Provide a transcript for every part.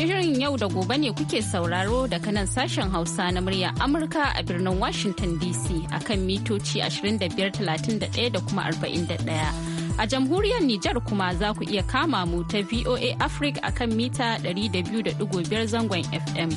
Shirin yau da gobe ne kuke sauraro daga nan sashen Hausa na murya Amurka a birnin Washington DC akan mitoci 2531 da kuma 41. A jamhuriyar Nijar kuma za ku iya kama mu ta VOA Africa akan mita 200.5 zangon FM.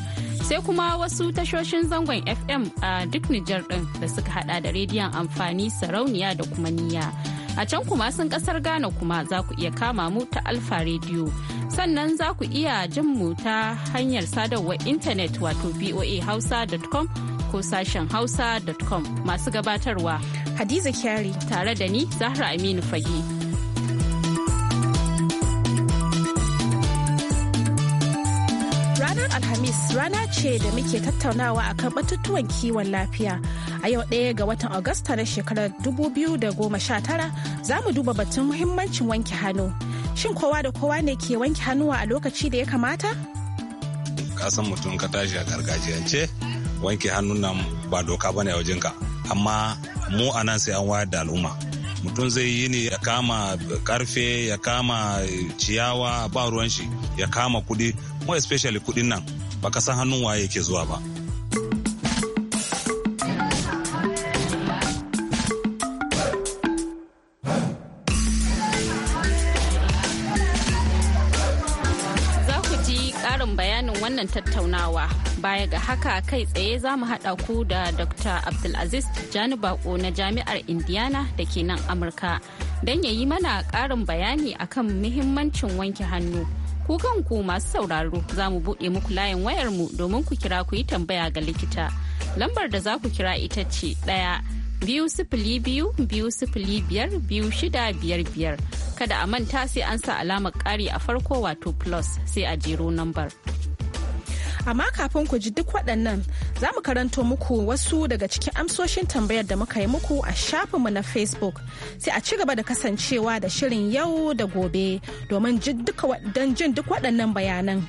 Sai kuma wasu tashoshin zangon FM a duk Nijar ɗin da suka hada da rediyon amfani sarauniya da kuma niyya. A can kuma sun kasar Ghana kuma za ku iya kama mu ta Alfa Radio. Sannan za ku iya jin mu ta hanyar sadarwar intanet wato voahausa.com ko sashen hausa.com masu gabatarwa. Hadiza Kyari. Tare da ni, Zahra Aminu Fage. Alhamis rana ce da muke tattaunawa a akan batutuwan kiwon lafiya. A yau ɗaya ga watan Agusta na shekarar 2019 za mu duba batun muhimmancin wanke hannu. Shin kowa da kowa ne ke wanke hannuwa a lokaci da ya kamata? Kasan mutum ka tashi a gargajiyance wanke hannun nan ba doka bane a wajenka. Amma mu a nan sai an wayar da al'umma. mutum zai yi ne ya kama karfe ya kama ciyawa ba ruwan shi ya kama kudi kuma especially kuɗin nan baka san hannun waye yake zuwa ba za ku ji ƙarin bayanin wannan tattaunawa baya ga haka kai tsaye za mu haɗa ku da dr abdulaziz jani bako na jami'ar indiana da ke nan amurka don ya yi mana ƙarin bayani akan muhimmancin wanke hannu ku kanku masu sauraro za mu buɗe muku layin wayar mu domin ku kira ku yi tambaya ga likita lambar da za ku kira ita ce ɗaya biyu sifili biyu biyu sifili biyar biyu shida biyar biyar kada a manta sai an sa alamar ƙari a farko wato plus sai a jero lambar. Amma kafin ku ji duk waɗannan za mu karanto muku wasu daga cikin amsoshin tambayar da muka yi muku a shafinmu na Facebook. Sai a ci gaba da kasancewa da shirin yau da gobe domin jin duk waɗannan bayanan.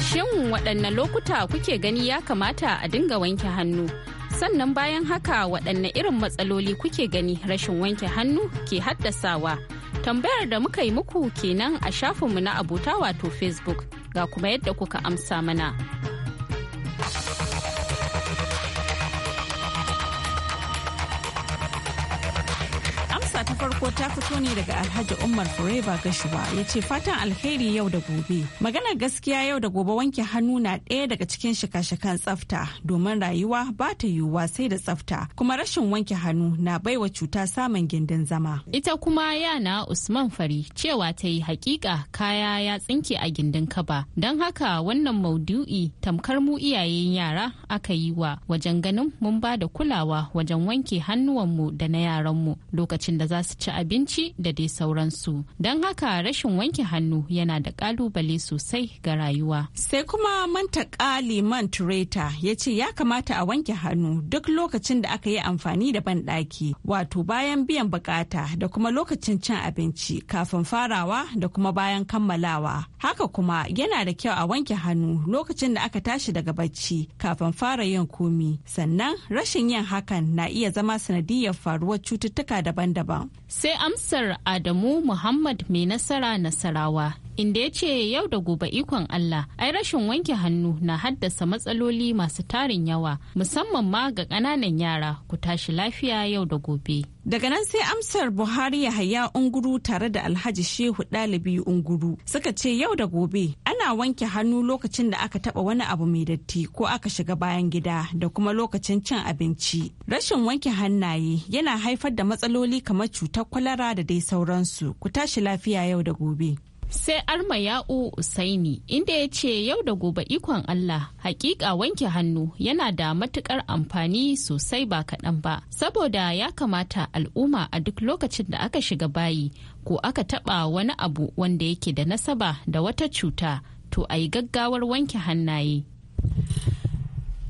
Shin waɗanne lokuta kuke gani ya kamata a dinga wanke hannu? Sannan bayan haka waɗanne irin matsaloli kuke gani rashin wanke hannu ke haddasawa? Tambayar da muka yi muku kenan a shafinmu na abota wato Facebook ga kuma yadda kuka amsa mana. ko ta fito ne daga Alhaji Umar Forever Gashuwa ya ce fatan alheri yau da gobe. Maganar gaskiya yau da gobe wanke hannu na ɗaya daga cikin shika-shikan tsafta domin rayuwa ba ta yiwuwa sai da tsafta kuma rashin wanke hannu na baiwa cuta samun gindin zama. Ita kuma yana Usman Fari cewa ta yi hakika kaya ya tsinke a gindin kaba don haka wannan maudu'i tamkar mu iyayen yara aka yi wa wajen ganin mun ba da kulawa wajen wanke hannuwanmu da na yaranmu lokacin da za su ci ci abinci da dai sauransu don haka rashin wanke hannu yana da kalubale sosai ga rayuwa sai kuma mantaka liman tureta ya ce ya kamata a wanke hannu duk lokacin da aka yi amfani da banɗaki wato bayan biyan bukata da kuma lokacin cin abinci kafin farawa da kuma bayan kammalawa haka kuma yana da kyau a wanke hannu lokacin da aka tashi daga bacci kafin fara yin komi sannan rashin yin hakan na iya zama sanadiyar faruwar cututtuka daban-daban sai amsar Adamu Muhammad mai nasara nasarawa inda ya ce yau da gobe ikon Allah ai rashin wanke hannu na haddasa matsaloli masu tarin yawa musamman ma ga ƙananan yara ku tashi lafiya yau da gobe. Daga nan sai amsar Buhari Yahaya Unguru tare da Alhaji Shehu ɗalibi Unguru suka ce yau da gobe ana wanke hannu lokacin da aka taɓa wani abu mai datti ko aka shiga bayan gida da kuma lokacin cin abinci. Rashin wanke hannaye yana haifar da matsaloli kamar cutar kwalara da dai sauransu ku tashi lafiya yau da gobe. sai arma ya'u usaini inda ya ce yau da gobe ikon allah hakika wanke hannu yana da matukar amfani sosai ba kaɗan ba saboda ya kamata al'umma a duk lokacin da aka shiga bayi ko aka taɓa wani abu wanda yake da nasaba da wata cuta to a yi gaggawar wanke hannaye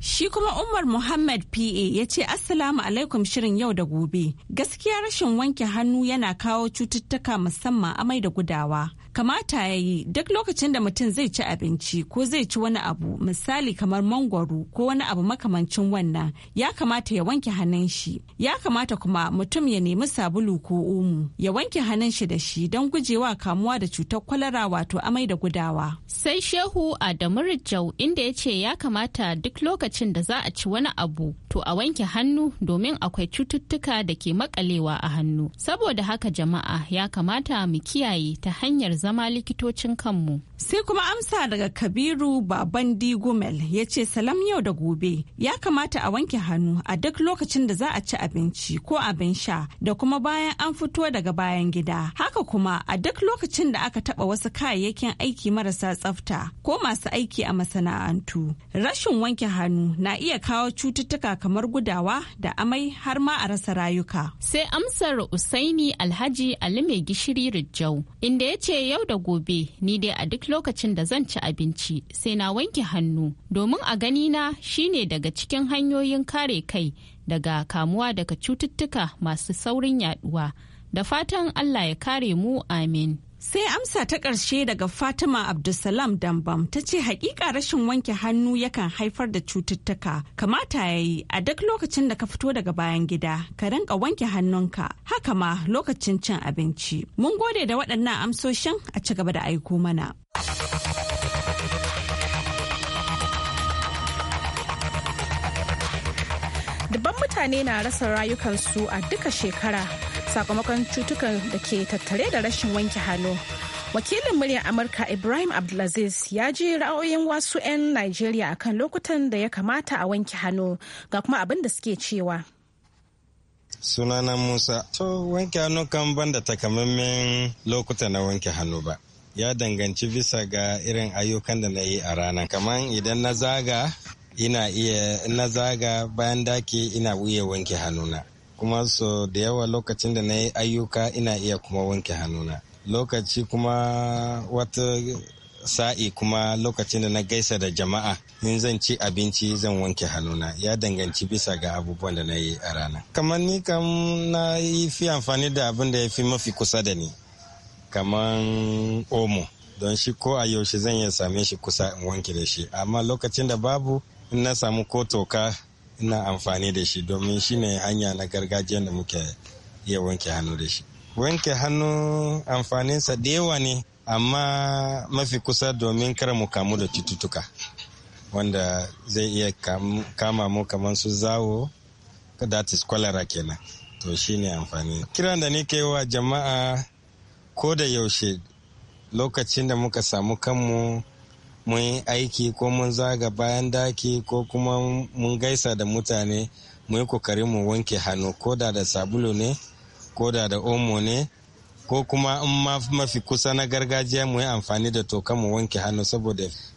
Shi kuma Umar Muhammad PA ya ce Assalamu alaikum shirin yau da gobe. Gaskiya rashin wanke hannu yana kawo cututtuka musamman amai da gudawa. kamata ya yi duk lokacin da mutum zai ci abinci ko zai ci wani abu misali kamar mangwaro ko wani abu makamancin wannan ya kamata ya wanke hannun shi ya kamata kuma mutum ya nemi sabulu ko omo ya wanke hannun shi da shi don gujewa kamuwa da cutar kwalara wato amai da gudawa sai shehu adamu rijau inda ya ce ya kamata duk lokacin da za a ci wani abu to a wanke hannu domin akwai cututtuka da ke makalewa a hannu saboda haka jama'a ya kamata mu kiyaye ta hanyar zama likitocin kanmu. Sai kuma amsa daga Kabiru Baban Gumel ya ce salam yau da gobe ya kamata a wanke hannu a duk lokacin da za a ci abinci ko abin sha da kuma bayan an fito daga bayan gida. Haka kuma a duk lokacin da aka taba wasu kayayyakin aiki marasa tsafta ko masu aiki a masana'antu. Rashin wanke hannu na iya kawo cututtuka kamar gudawa da amai har ma a rasa rayuka. Sai amsar Usaini Alhaji Ali mai gishiri Rijau inda ya ce yau da gobe ni dai a duk lokacin da zan ci abinci sai na wanke hannu domin a gani na shine daga cikin hanyoyin kare kai daga kamuwa daga cututtuka masu saurin yaduwa da fatan allah ya kare mu amin Sai amsa ta ƙarshe daga Fatima Abdulsalam Dambam ta ce hakika rashin wanke hannu yakan haifar da cututtuka. Kamata ya yi a duk lokacin da ka fito daga bayan gida, ka rinka wanke hannunka, haka ma lokacin cin abinci. Mun gode da waɗannan amsoshin a ci gaba da aiko mana. Dubban mutane na rasa rayukansu a duka shekara sakamakon cutukan da ke tattare da rashin wanke hannu. Wakilin muryar Amurka Ibrahim Abdulaziz ya ji ra'ayoyin wasu 'yan Najeriya akan lokutan da ya kamata a wanke hannu ga kuma abin da suke cewa. Sunana Musa, to wanke hannu kan banda takamaiman lokuta na wanke hannu ba. ya danganci bisa ga irin ayyukan da na yi a ranar kamar idan na zaga ina iya na zaga bayan daki ina wuye wanke hannuna kuma so da yawa lokacin da na yi ayyuka ina iya kuma wanke hannuna lokaci kuma wata sa'i kuma lokacin da na gaisa da jama'a in zan ci abinci zan wanke hannuna ya danganci bisa ga abubuwan da na yi a rana kamar ni kam na fi amfani da abin da ya fi mafi kusa da ni kaman omo don shi ko a yaushe zan iya same shi kusa in wanke da shi amma lokacin da babu in na samu ko toka ina amfani da shi domin shi ne hanya na gargajiya da muke iya wanke hannu da shi wanke hannu amfaninsa da yawa ne amma mafi kusa domin kar mu kamu da cututtuka wanda zai iya kama mu kamar su zawo that is cholera kenan to shine amfani kiran da ni wa jama'a ko da yaushe lokacin da muka samu kanmu mun yi aiki ko mun zaga bayan daki ko kuma mun gaisa da mutane mu yi kokari mu wanke hannu ko da da sabulu ne ko da da omo ne ko kuma in mafi kusa na gargajiya mu yi amfani da toka mu wanke hannu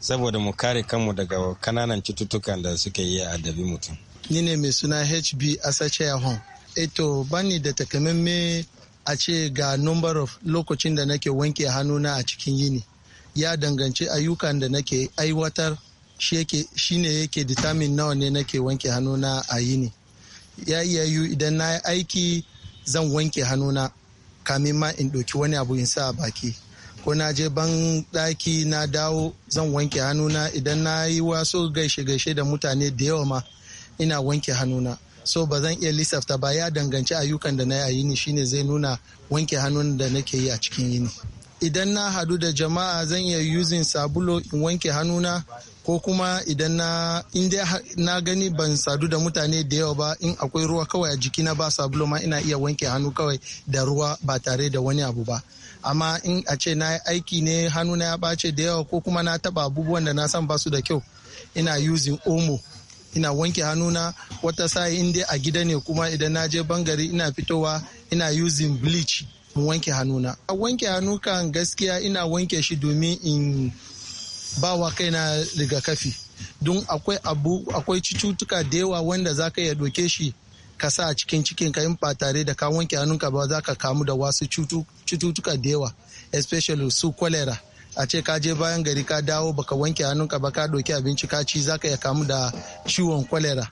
saboda mu kare kanmu daga kananan cututtukan da suke yi a dabi mutum. Ni ne mai suna HB Asache Yahon. Eto eh bani da takamaimai a ce ga number of lokacin da nake wanke hannuna a cikin yini ya danganci ayyukan da nake aiwatar shi ne yake determine nawa ne nake wanke hannuna a yini ya iya yu idan na aiki zan wanke hannuna kamin ma in ɗauki wani abu in sa a baki ko na je ban ɗaki na dawo zan wanke hannuna idan na yi wasu gaishe-gaishe da mutane da yawa ma ina wanke hannuna so ba zan iya lissafta ba ya danganci ayyukan da na yi a yini shine zai nuna wanke hannun da nake yi a cikin yini idan na hadu da jama'a zan iya using sabulo in wanke hannuna ko kuma idan na dai na gani ban sadu da mutane da yawa ba in akwai ruwa kawai a jikina ba sabulo ma ina iya wanke hannu kawai da ruwa ba tare da wani abu ba amma in a ce na aiki ne hannuna ya bace da yawa ko kuma na taba abubuwan da na san ba su da kyau ina yuzin omo ina wanke hannuna wata sa'i in dai a gida ne kuma idan na je bangare ina fitowa ina using bleach in wanke hannuna a wanke hannu kan gaskiya ina wanke shi domin in ba wa kaina rigakafi don akwai abu akwai cututtuka da yawa wanda za ka iya doke shi ka sa a cikin cikin ka yin ba tare da ka wanke hannunka ba za ka kamu da wasu cututtuka da yawa especially su cholera a ce ka je bayan gari ka dawo baka wanke hannunka ba ka ɗauki abinci ka ci zaka iya kamu da ciwon kwalera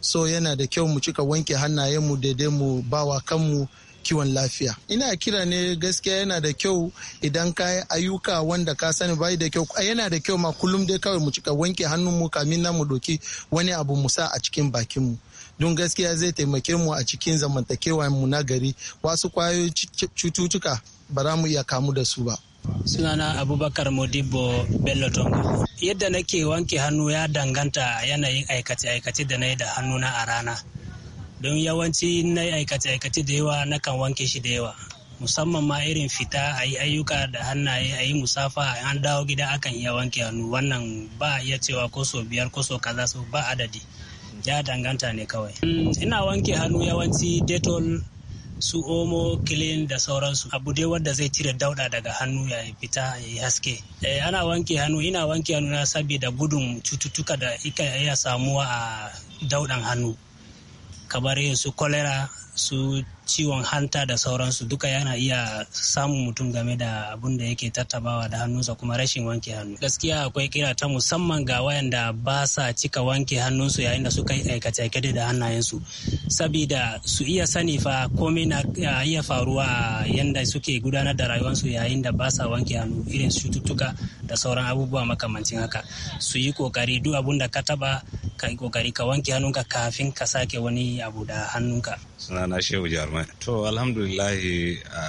so yana da kyau mu cika wanke hannayenmu daidai mu bawa kanmu kiwon lafiya ina kira ne gaskiya yana da kyau idan ka yi ayyuka wanda ka sani bai da kyau yana da kyau ma kullum dai kawai mu cika wanke hannunmu kamin na mu ɗauki wani abu mu sa a cikin bakinmu don gaskiya zai taimake mu a cikin zamantakewa mu na gari wasu kwayoyin cututtuka ba za mu iya kamu da su ba Sunana Abubakar Modibo Bello Tongo. Yadda nake wanke hannu ya danganta yanayin aikace-aikace da na yi da hannuna a rana. Don yawanci na yi aikace-aikace da yawa na kan wanke shi da yawa. Musamman ma irin fita a yi ayyuka da hannaye a yi musafa an dawo gida akan iya wanke hannu wannan ba iya cewa ko so biyar ko so kaza so ba adadi. Ya danganta ne kawai. Ina wanke hannu yawanci detol su omo kilin da sauransu abu dai wanda zai cire dauda daga hannu ya fita ya yi haske eh, ana wanke hannu ina wanke hannu na saboda gudun cututtuka da ika iya samuwa a daudan hannu kamar su kolera su ciwon hanta da sauransu duka yana iya samun mutum game da abun da yake tattabawa da hannunsa kuma rashin wanke hannu gaskiya akwai kira ta musamman ga wayanda ba sa cika wanke hannunsu yayin da suka yi aikace da hannayensu sabida su iya sani fa komai na iya faruwa yadda yanda suke gudanar da rayuwarsu yayin da ba sa wanke hannu irin cututtuka da sauran abubuwa makamancin haka su yi kokari duk abun da ka taba ka yi kokari ka wanke hannunka kafin ka sake wani abu da hannunka sunana shehu jihar jama'a to alhamdulillahi a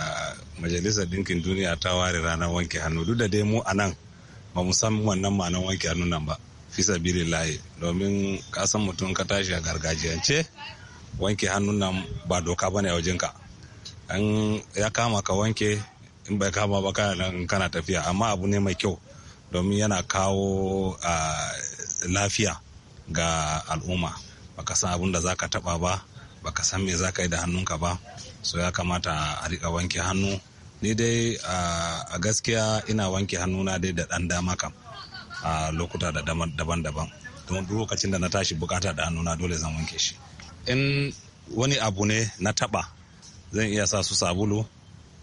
majalisar dinkin duniya ta ware ranar wanke hannu duk da dai mu a nan ba mu san wannan ma'anar wanke hannu nan ba fi sabilillahi domin ka mutum ka tashi a gargajiyance wanke hannu nan ba doka bane a wajenka an ya kama ka wanke in bai kama ba kana tafiya amma abu ne mai kyau domin yana kawo lafiya ga al'umma baka san abin da za ka taba ba baka san me za ka yi da hannunka ba so ya kamata a riƙa wanke hannu ni dai a gaskiya ina wanke hannuna dai da ɗan dama kam a lokuta da daban-daban don lokacin da na tashi bukata da hannuna dole zan wanke shi in wani abu ne na taɓa zan iya sa su sabulu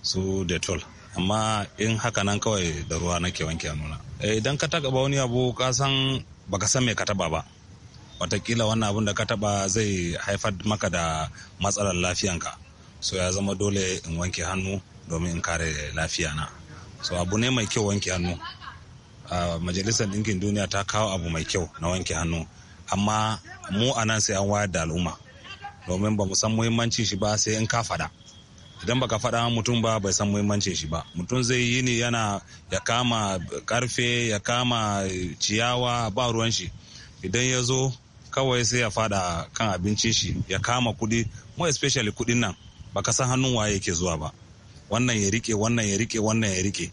su detol amma in haka nan kawai da ruwa nake wanke hannuna eh, idan ka taɓa wani abu ka san baka san me ka taɓa ba watakila wannan abin da ka taba zai haifar maka da matsalar lafiyanka so ya zama dole in wanke hannu domin in kare na so abu ne mai kyau wanke hannu a majalisar ɗinkin duniya ta kawo abu mai kyau na wanke hannu amma mu a nan sai an wayar da al'umma domin ba mu san muhimmancin shi ba sai in ka faɗa idan baka faɗa mutum ba bai san muhimmancin shi ba mutum zai yi ne yana ya kama karfe ya kama ciyawa ba ruwan shi idan ya zo kawai sai ya fada kan abincin shi ya kama kuɗi mo especially kuɗin nan baka san hannun waye yake zuwa ba wannan ya rike wannan ya rike wannan ya rike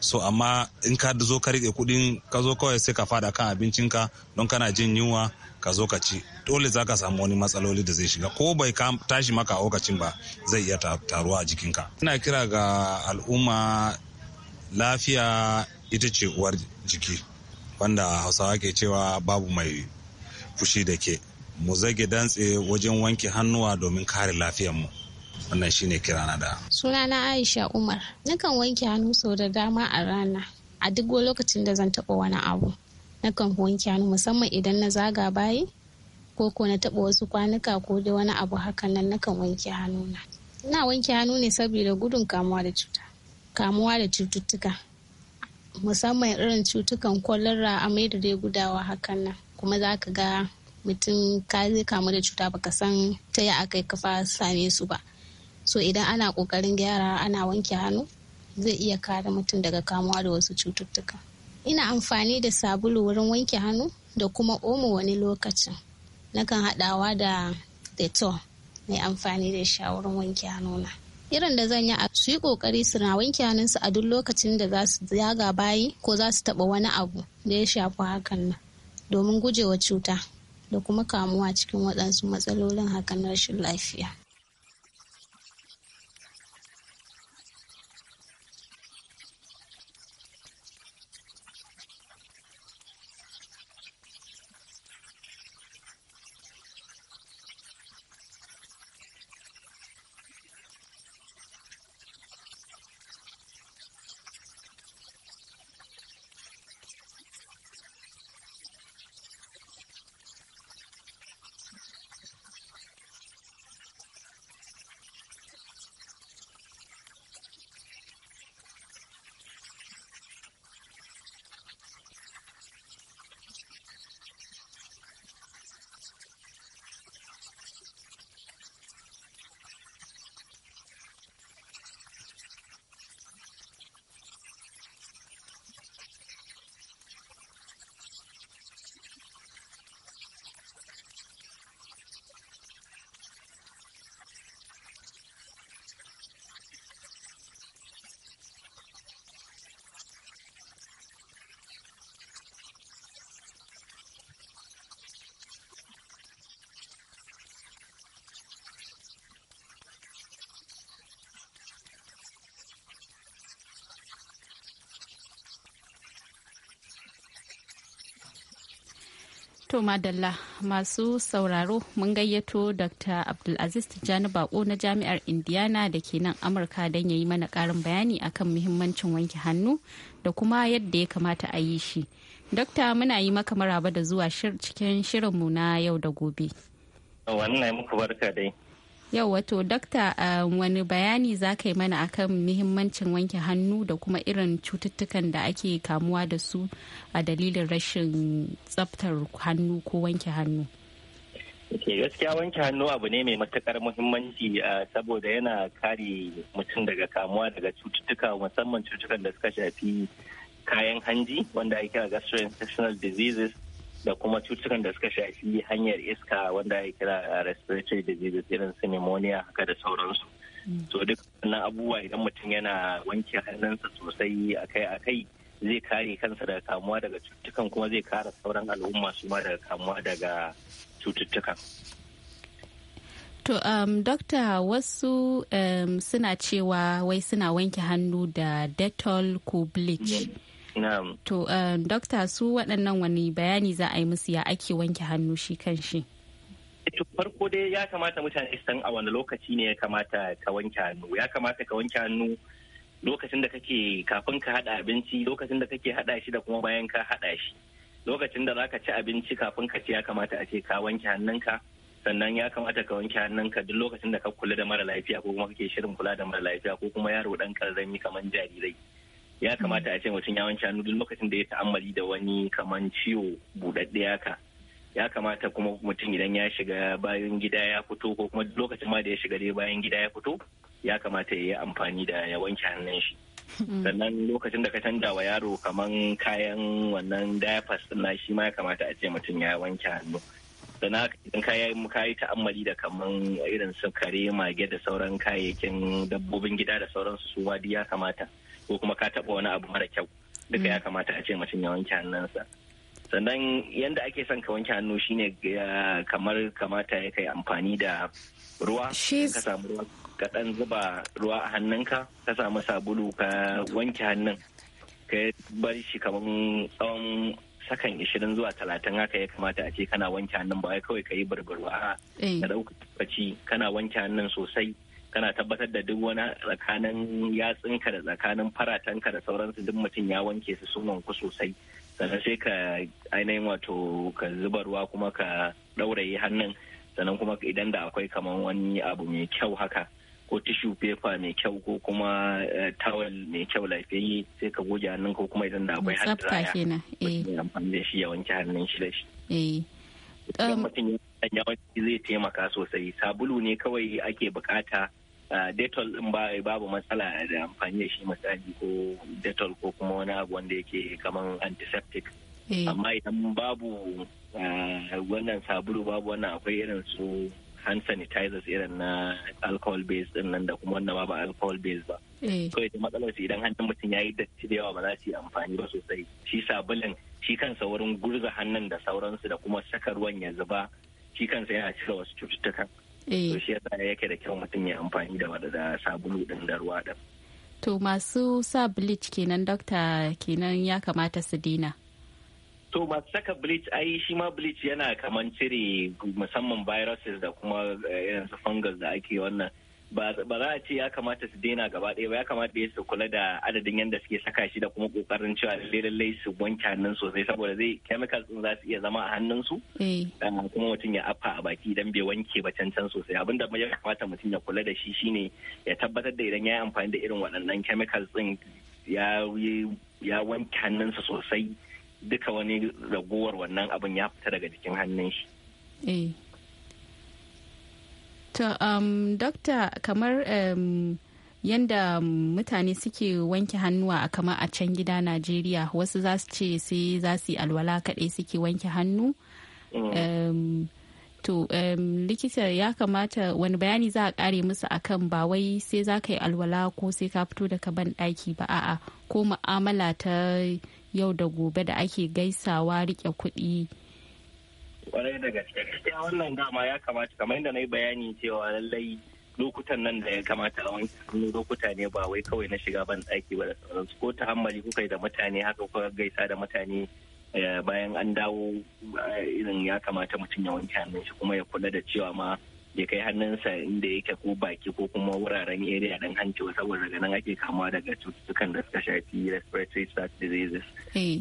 so amma in ka zo ka rike kuɗi ka zo kawai sai ka fada kan abincin ka don kana jin yunwa ka zo ka ci dole zaka samu wani matsaloli da zai shiga ko bai tashi maka a lokacin ba zai iya taruwa a ka. ina kira ga al'umma lafiya ita ce uwar jiki wanda hausawa ke cewa babu mai fushi da ke mu zage dantse wajen wanke hannuwa domin kare mu wannan shine kira na da sunana aisha umar nakan wanke hannu sau da dama a rana a duk lokacin da zan taba wani abu nakan wanke hannu musamman idan na zaga bayi ko ko na taba wasu kwanuka ko da wani abu hakan nan nakan wanke hannu na. ina wanke hannu ne saboda gudun kamuwa da cuta kamuwa da cututtuka musamman irin cutukan kwalara amai da dai gudawa hakan nan kuma za ka ga mutum ka zai kamu da cuta baka san ta yi aka kafa same su ba so idan ana kokarin gyara ana wanke hannu zai iya kare mutum daga kamuwa da wasu cututtuka ina amfani da sabulu wurin wanke hannu da kuma omo wani lokacin nakan haɗawa da dettol mai amfani da shi a wurin wanke na. irin da zan yi a su yi kokari su na wanke hannunsu a duk lokacin da za su zaga bayi ko za su taɓa wani abu da ya shafi hakan nan domin gujewa cuta da kuma kamuwa cikin waɗansu matsalolin hakan rashin lafiya. To Madalla masu sauraro mun gayyato Dr. Abdulaziz Tijjani Bako na Jami'ar Indiana da ke nan Amurka don ya yi mana ƙarin bayani akan muhimmancin wanke hannu da kuma yadda ya kamata a yi shi. Dokta muna yi maka maraba da zuwa cikin shirinmu na yau da gobe. Wannan muku barka dai. yau wato dakta um, wani bayani za ka yi mana akan muhimmancin wanke hannu da kuma irin cututtukan da ake kamuwa da su a dalilin rashin tsaftar hannu ko wanke hannu gaskiya wanke hannu abu ne mai matukar muhimmanci uh, saboda yana kare mutum daga kamuwa daga cututtuka musamman cututtukan da suka shafi kayan hanji wanda ake a gastrointestinal diseases da kuma cutukan da suka shafi hanyar iska wanda ya kira respiratory diseases irin su pneumonia haka da sauransu to mm. duk wannan abubuwa idan mutum yana wanke hannunsa sosai akai-akai zai kare kansa daga kamuwa daga cututtukan kuma zai kare sauran al'umma su ma daga kamuwa daga cututtukan To, um, Dokta wasu um, suna cewa wai suna wanke hannu da Dettol ko bleach. Na'am. To, eh, dokta su waɗannan wani bayani za a yi musu ya ake wanke hannu shi kan shi? Eh, farko dai ya kamata mutane san a wani lokaci ne ya kamata ka wanke hannu. Ya kamata ka wanke hannu lokacin da kake kafin ka haɗa abinci, lokacin da kake haɗa shi da kuma bayan ka haɗa shi. Lokacin da zaka ci abinci kafin ka ci ya kamata a ce ka wanke hannunka. sannan ya kamata ka wanke hannunka duk lokacin da ka kula da mara lafiya ko kuma kake shirin kula da mara lafiya ko kuma yaro dan karami kamar jarirai. ya hmm. kamata a ce mutum ya wanke hannu duk lokacin da ya ta'ammali da wani kaman ciwo buɗaɗɗe haka ya kamata kuma mutum idan ya shiga bayan gida ya fito ko kuma lokacin ma da ya shiga dai bayan gida ya fito ya kamata ya yi amfani da ya wanke hannun shi hmm. sannan lokacin da ka canja wa yaro kaman kayan wannan diapers na shi ma ya kamata a ce mutum ya wanke hannu sannan idan ka yi ka yi ta'ammali da kaman irin su kare mage da sauran kayayyakin dabbobin gida da sauransu su ma ya kamata ko kuma ka taɓa wani abu mara kyau duka ya mm. kamata a ce mutum ya wanke hannunsa sannan yadda ake son ka wanke hannu shine kamar kamata ya kai amfani da ruwa ka samu ruwa ka ɗan zuba ruwa a hannunka ka samu sabulu ka wanke hannun ka bar shi kamar tsawon sakan ishirin zuwa talatin haka ya kamata a ce kana wanke hannun ba kawai ka yi burburwa eh. ka ɗauka kana wanke hannun sosai kana tabbatar da duk wani tsakanin yatsinka da tsakanin faratanka da sauransu duk mutum ya wanke su sun wanku sosai sannan sai ka ainihin wato ka zuba ruwa kuma ka ɗauraye hannun sannan kuma idan da akwai kamar wani abu mai kyau haka ko tishu paper mai kyau ko kuma eh, tawel mai kyau lafiyayye sai ka goge hannun ko kuma idan da akwai hannun raya. Tsafta eh. Amfani da shi ya wanke hannun shi da shi. Eh. yawanci zai taimaka sosai sabulu ne kawai ake bukata uh, detol din babu matsala da amfani da shi misali ko detol ko kuma wani abu wanda yake kamar antiseptic eh. amma idan babu uh, wannan sabulu babu wannan akwai irin su hand sanitizers irin na alcohol based din nan da kuma wannan ba alcohol based ba eh. so idan matsalar su idan hannun mutum ya yi datti da yawa ba za su yi amfani ba sosai shi sabulin shi kansa wurin gurza hannun da sauransu da kuma saka ruwan ya zuba shi kansa yana cire wasu cututtuka eh. to shi yasa yake da kyau mutum ya amfani da wadda sabulu din da ruwa din to masu sa bleach kenan dokta kenan ya kamata su dina to masu saka bleach ai shi ma bleach yana kaman cire musamman viruses da kuma eh, irin fungus da ake wannan ba za a ce ya kamata su daina gaba ɗaya ba ya kamata ya su kula da adadin yadda suke saka shi da kuma kokarin cewa lallai lallai su wanke hannun sosai saboda zai chemical din za su iya zama a hannun su eh. ah, kuma mutum ya afa a baki idan bai wanke ba cancan sosai abin da ya kamata mutum ya kula da shi shine ya tabbatar da idan ya yi amfani da irin waɗannan chemicals din ya ya wanke sa sosai duka wani ragowar wannan abin ya fita daga jikin hannun shi. Eh. To, um, dokta kamar um, yanda mutane suke wanke hannuwa a kama a can gida Najeriya wasu za su ce sai za su yi alwala kaɗai suke wanke hannu. Mm. Um, to, um, likita ya kamata wani bayani za a ƙare musu akan ba wai sai za ka yi alwala ko sai ka fito daga ban ɗaki ba a'a ko mu'amala ta yau da gobe da ake gaisawa riƙe kuɗi. kwarai da gaske gaskiya wannan dama ya kamata kamar yadda na yi bayani cewa lallai lokutan nan da ya kamata a wanke hannu lokuta ne ba wai kawai na shiga ban ɗaki ba da sauransu ko ta hammali kuka yi da mutane haka kuka gaisa da mutane eh, bayan an dawo eh, irin ya kamata mutum ya wanke hannun shi kuma ya kula da cewa ma ya kai hannunsa inda yake ko baki ko kuma wuraren area ɗin hanci saboda daga ake kama daga cututtukan da suka shafi respiratory tract diseases eh.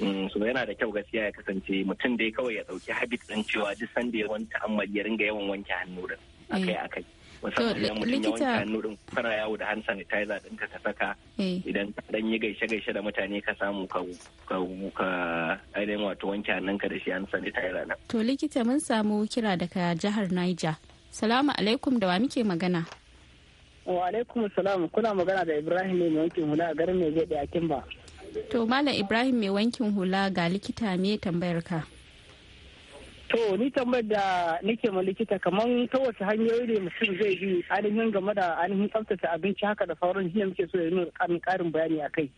Mm, so yana da kyau gaskiya ya kasance mutum dai kawai ya dauki habit din cewa duk sanda ya wanke amma ya ringa yawan wanke hannu din eh. akai akai musamman idan mutum ya wanke hannu din kana yawo da hand sanitizer din ka saka eh. idan dan yi gaishe gaishe da mutane ka samu ka ka ka aidan wato wanke hannun ka da shi hand sanitizer na. to likita mun samu kira daga jihar Niger salamu alaikum da wa muke magana wa alaikum salam kuna magana da Ibrahim ne mai wankin hula a garin mai gede a Kimba To Malam Ibrahim mai wankin hula ga likita me tambayar ka. To ni tambayar da nake ma likita kamar ta wace hanyoyi ne mutum zai bi ainihin game da ainihin tsaftace abinci haka da sauran shi muke so ya min karin bayani a kai.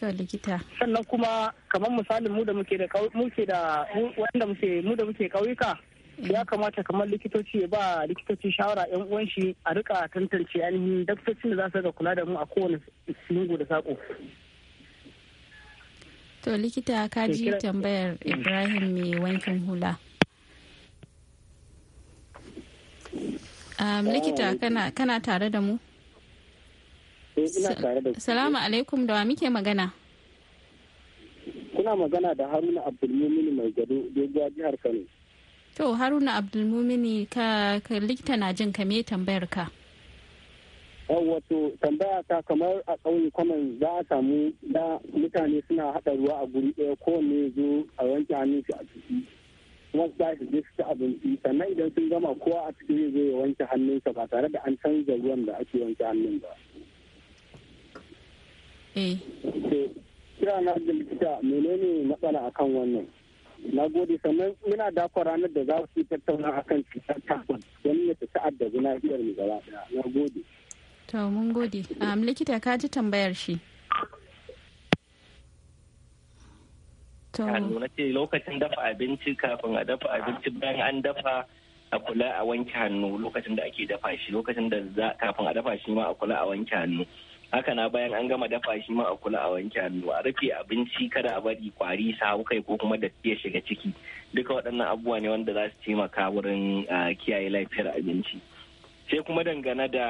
To likita. Sannan kuma kamar misalin mu da muke da wanda muke mu da muke ƙauyuka. ya kamata kamar likitoci ba likitoci shawara yan uwan shi a rika tantance ainihin daktocin da za su ga kula da mu a kowane lungu da sako to likita ka ji tambayar ibrahim mai wankin hula um, likita oh. kana, kana tare da mu eh, salamu alaikum da wa muke magana kuna magana da haruna abdulmumin mai gado jihar kano To Haruna Abdulmumini ka, likita na jin ka me tambayar ka? wato tambaya ta kamar a ƙauye kwamen za a samu da mutane suna haɗa ruwa a guri ɗaya kowanne zo a wanke hannu shi a ciki kuma su je su ci abinci sannan idan sun gama kowa a ciki zai ya wanke hannunsa ba tare da an canza ruwan da ake wanke hannun ba. Eh. Kira na likita menene matsala akan wannan? na gode sannan muna dakon ranar da za su yi tattauna a kan cutar tafon wani ya ta zina biyar mu gaba na gode to mun gode likita ka ji tambayar shi to na ce lokacin dafa abinci kafin a dafa abinci bayan an dafa a kula a wanke hannu lokacin da ake dafa shi lokacin da kafin a dafa shi ma a kula a wanke hannu haka na bayan an gama dafa shi ma a kula a wanke hannu a rufe abinci kada a bari kwari su hau kai ko kuma datti ya shiga ciki duka waɗannan abubuwa ne wanda za su taimaka wurin kiyaye lafiyar abinci sai kuma dangane da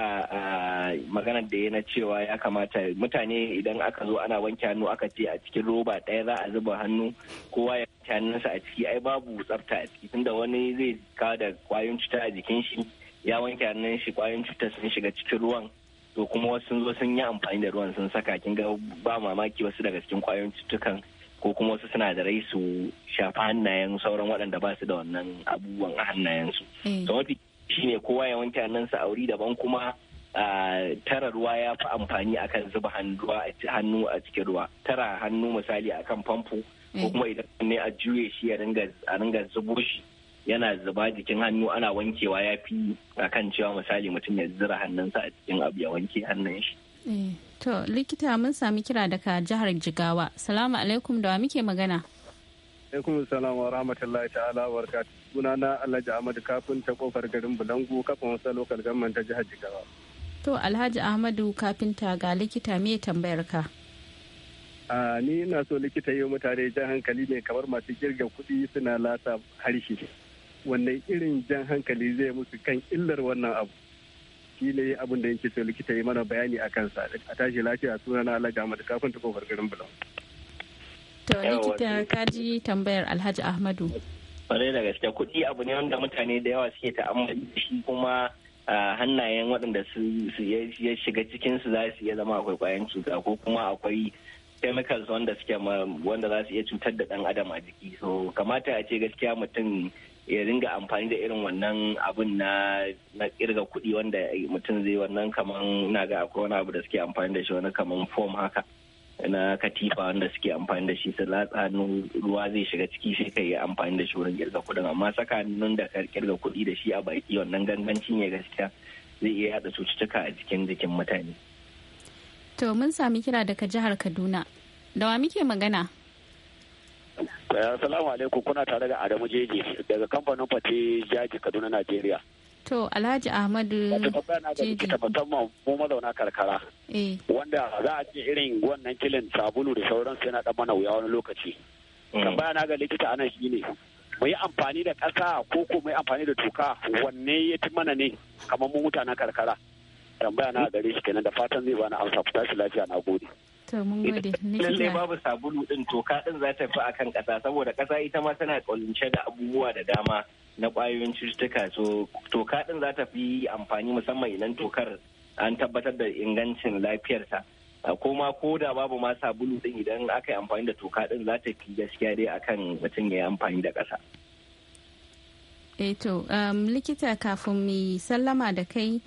maganar da ya na cewa ya kamata mutane idan aka zo ana wanke hannu aka ce a cikin roba ɗaya za a zuba hannu kowa ya wanke hannunsa a ciki ai babu tsafta a ciki tunda wani zai kawo da kwayoyin cuta a jikin shi ya wanke hannun shi kwayoyin cuta sun shiga cikin ruwan to kuma wasu sun sun yi amfani da ruwan sun saka kin ga ba mamaki wasu daga cikin kwayoyin cututtukan ko kuma wasu sinadarai su shafa hannayen sauran waɗanda ba su da wannan abubuwan a hannayensu. Eh. to shi ne kowa ya wanke hannunsa a wuri daban kuma tara ruwa ya fi amfani akan zuba hannu a cikin ruwa tara hannu misali akan famfo ko eh. kuma idan ne a juye shi a ringa zubo shi yana zuba jikin hannu ana wankewa ya fi akan cewa misali mutum ya zira hannunsa a cikin abu ya wanke hannun shi. Eh, to likita mun sami kira daga jihar Jigawa. Salamu alaikum da wa muke magana. Alaikum salam wa rahmatullahi ta'ala wa Suna na Alhaji Ahmadu kafin ta kofar garin Bulangu kafin wasa lokal gamman ta jihar Jigawa. To Alhaji Ahmadu kafin ta ga likita me tambayar ka? ni ina so likita yi mutane jan hankali ne kamar masu kirga kuɗi suna lasa harshe. wannan irin jan hankali zai musu kan illar wannan abu shi ne abin da yake so likita yi mana bayani a kansa a tashi lafiya suna na alhaji ahmadu kafin ta kofar garin bulon to likita tambayar alhaji ahmadu. kwarai da gaske kuɗi abu ne wanda mutane da yawa suke ta'ammali da shi kuma hannayen waɗanda su ya shiga cikin su za su iya zama akwai kwayan cuta ko kuma akwai chemicals wanda suke wanda za su iya cutar da ɗan adam a jiki so kamata a ce gaskiya mutum ya ringa amfani da irin wannan abun na na kirga kuɗi wanda mutum zai wannan kaman na ga akwai wani abu da suke amfani da shi wani kaman form haka na katifa wanda suke amfani da shi su latsa ruwa zai shiga ciki sai ka yi amfani da shi wurin kirga kuɗin amma saka hannun da ka kirga kuɗi da shi a baki wannan gangancin ya gaskiya zai iya yada cututtuka a cikin jikin mutane. To mun sami kira daga jihar Kaduna. Da wa muke magana? Eh, Salamu alaikum kuna tare da Adamu Jeji daga kamfanin Fati Jaji Kaduna Najeriya. To Alhaji Ahmadu Jeji. Ta musamman mu mazauna karkara. Eh. Wanda za a ce irin wannan kilin sabulu da sauransu yana ɗan mana wuya wani lokaci. Mm. Tambaya na ga likita anan shi ne. Mu yi amfani da ƙasa ko ko mu yi amfani da tuka wanne ya fi mana ne kamar mu mutanen karkara. Tambaya na gare shi kenan da fatan zai bani amsa ku tashi lafiya na gode. To mun gode. Lalle babu sabulu din toka din za ta fi akan kasa saboda kasa ita ma tana kunshe da abubuwa da dama na kwayoyin cututtuka so toka din za ta fi amfani musamman idan tokar an tabbatar da ingancin lafiyarta. ko ma ko da babu ma sabulu din idan aka yi amfani da toka din za ta fi gaskiya dai akan mutum ya yi amfani da kasa. Eto, eh, um, likita kafin mu sallama da kai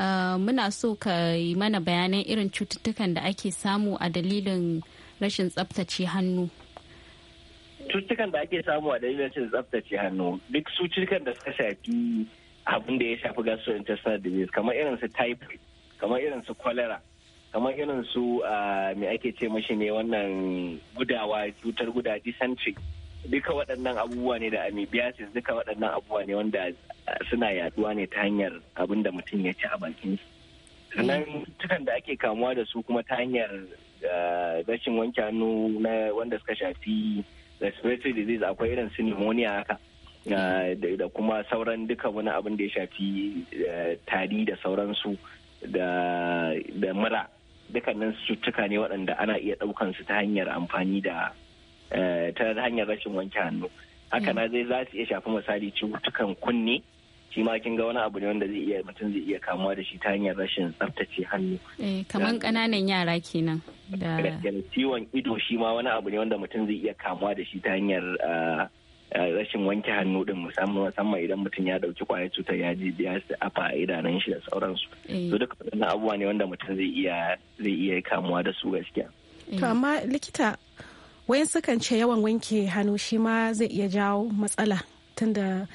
Eh, muna so ka yi mana bayanan irin cututtukan da ake samu a dalilin rashin tsabtace hannu. Cututtukan da ake samu a dalilin rashin tsabtace hannu duk su cututtukan da suka shafi abin da ya shafi gastrointestinal disease kamar irin su typhoid kamar irin su cholera kamar irin su ah, me ake ce mashi ne wannan gudawa cutar guda dysentery duka waɗannan abubuwa ne da amibiasis duka waɗannan abubuwa ne wanda suna yaduwa ne ta hanyar abin da mutum ya ci a bakin su. sannan mm. da ake kamuwa da su kuma ta hanyar eh, rashin wanke hannu na wanda suka shafi respiratory disease akwai irin su pneumonia haka mm. eh, da kuma sauran duka wani abin da ya shafi eh, tari da sauransu da mura dukkanin cutuka ne waɗanda ana iya ɗaukan su ta hanyar amfani da ta hanyar rashin wanke hannu haka mm. na zai za su iya shafi misali cutukan kunne shi ma kin ga wani abu ne wanda zai iya mutum zai iya kamuwa da shi ta hanyar rashin tsaftace hannu eh, kamar kananan yara kenan da ciwon ido shi ma wani abu ne wanda mutum zai iya kamuwa da shi ta hanyar ah, ah, rashin wanke hannu din musamman musamman idan mutum ya dauki kwaya cutar ya ji ya afa idanun shi da sauransu eh. to duka waɗannan abubuwa ne wanda mutum zai iya zai iya kamuwa da su gaskiya eh. to amma likita wayan sukan ce yawan wanke hannu shi ma zai iya jawo matsala tunda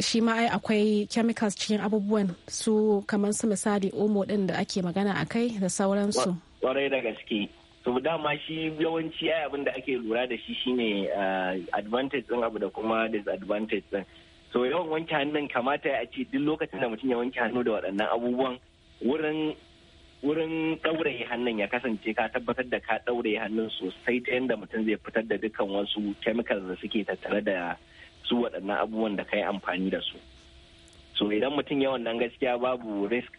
shi ma ai akwai chemicals cikin abubuwan su kamar su misali omo din da ake magana a kai da sauransu kwarai da gaske to dama shi yawanci ai abin da ake lura da shi shine eh, advantage din abu da kuma disadvantage din so yawan wanke hannun kamata a ce duk lokacin da mutum ya wanke hannu da waɗannan abubuwan wurin wurin ɗauraye hannun ya kasance ka tabbatar da ka ɗauraye hannun sosai ta yadda mutum zai fitar da dukkan wasu chemicals da suke tattare da su waɗannan abubuwan da ka yi amfani da su so idan mutum yawan nan gaskiya babu risk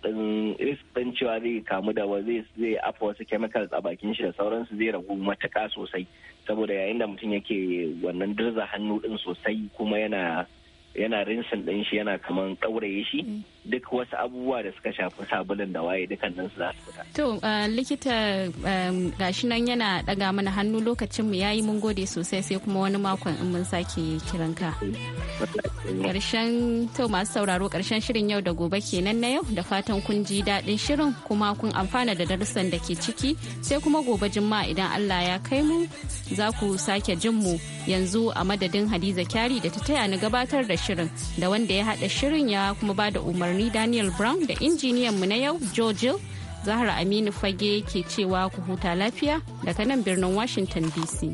ɗin cewa zai kamu da zai zai afa wasu chemicals a bakin shi da sauransu zai ragu matuka sosai saboda yayin da mutum yake wannan dirza hannu ɗin sosai kuma yana yana rinsin ɗin shi yana kaman ƙauraye shi mm. duk wasu abubuwa da suka shafi sabulun da waye nan su za su fita. To uh, likita um, gashi nan yana ɗaga mana hannu lokacin mu yayi mun gode sosai sai kuma wani makon in mun sake kiranka. Karshen to masu sauraro karshen shirin yau da gobe kenan na yau da fatan kun ji daɗin shirin kuma kun amfana da darussan da ke ciki sai kuma gobe jimma idan Allah ya kai mu za ku sake jin mu yanzu a madadin Hadiza Kyari da ta taya ni gabatar da shirin da wanda ya haɗa shirin ya kuma ba da umarni Daniel Brown da injiniyan mu na yau Joe Zahra Aminu Fage ke cewa ku huta lafiya daga nan birnin Washington DC.